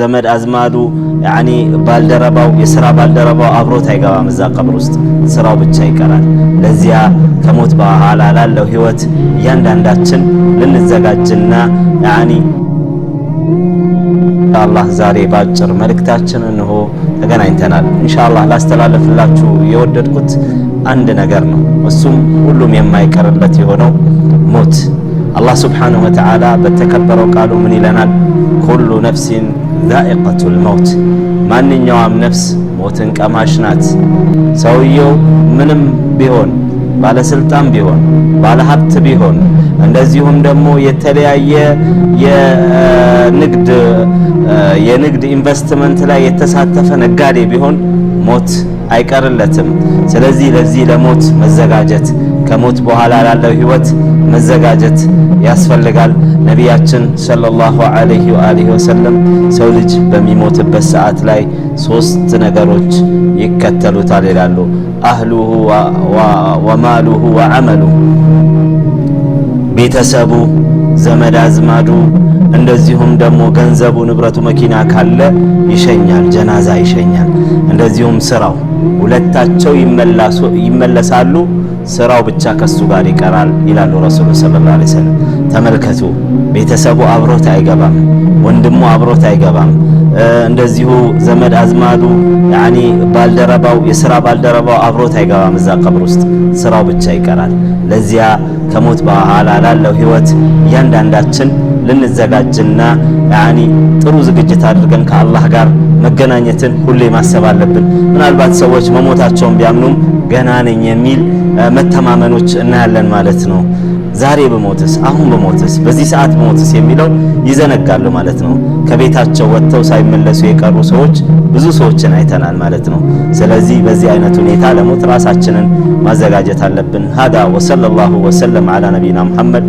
ዘመድ አዝማዱ ያኒ ባልደረባው የስራ ባልደረባው አብሮት አይገባም። እዛ ቀብር ውስጥ ስራው ብቻ ይቀራል። ለዚያ ከሞት በኋላ ላለው ህይወት እያንዳንዳችን ልንዘጋጅና ያኒ ኢንሻአላህ ዛሬ ባጭር መልእክታችን እንሆ ተገናኝተናል። ኢንሻአላህ ላስተላለፍላችሁ የወደድኩት አንድ ነገር ነው። እሱም ሁሉም የማይቀርለት የሆነው ሞት። አላህ ሱብሓነሁ ወተዓላ በተከበረው ቃሉ ምን ይለናል? ኩሉ ነፍሲን ዛኢቀቱል መውት ማንኛውም ነፍስ ሞትን ቀማሽ ናት። ሰውየው ምንም ቢሆን ባለስልጣን ቢሆን ባለሀብት ቢሆን እንደዚሁም ደግሞ የተለያየ የንግድ የንግድ ኢንቨስትመንት ላይ የተሳተፈ ነጋዴ ቢሆን ሞት አይቀርለትም። ስለዚህ ለዚህ ለሞት መዘጋጀት ከሞት በኋላ ላለው ህይወት መዘጋጀት ያስፈልጋል። ነቢያችን ሰለላሁ ዐለይሂ ወአሊሂ ወሰለም ሰው ልጅ በሚሞትበት ሰዓት ላይ ሶስት ነገሮች ይከተሉታል ይላሉ። አህሉሁ ወማሉሁ ወዐመሉ፣ ቤተሰቡ ዘመድ አዝማዱ፣ እንደዚሁም ደግሞ ገንዘቡ፣ ንብረቱ፣ መኪና ካለ ይሸኛል፣ ጀናዛ ይሸኛል። እንደዚሁም ስራው፣ ሁለታቸው ይመለሳሉ። ስራው ብቻ ከሱ ጋር ይቀራል ይላሉ ረሱሉ ሰለላሁ ዐለይሂ ወሰለም። ተመልከቱ፣ ቤተሰቡ አብሮት አይገባም፣ ወንድሙ አብሮት አይገባም። እንደዚሁ ዘመድ አዝማዱ ያኒ ባልደረባው የስራ ባልደረባው አብሮት አይገባም። እዛ ቀብር ውስጥ ስራው ብቻ ይቀራል። ለዚያ ከሞት በኋላ ላለው ህይወት እያንዳንዳችን ልንዘጋጅና ያኒ ጥሩ ዝግጅት አድርገን ከአላህ ጋር መገናኘትን ሁሌ ማሰብ አለብን። ምናልባት ሰዎች መሞታቸውን ቢያምኑም ገና ነኝ የሚል መተማመኖች እናያለን ማለት ነው። ዛሬ በሞትስ አሁን በሞትስ በዚህ ሰዓት በሞትስ የሚለው ይዘነጋሉ ማለት ነው። ከቤታቸው ወጥተው ሳይመለሱ የቀሩ ሰዎች ብዙ ሰዎችን አይተናል ማለት ነው። ስለዚህ በዚህ አይነት ሁኔታ ለሞት ራሳችንን ማዘጋጀት አለብን። ሀዳ ወሰለላሁ ወሰለም አላ ነቢና ሙሐመድ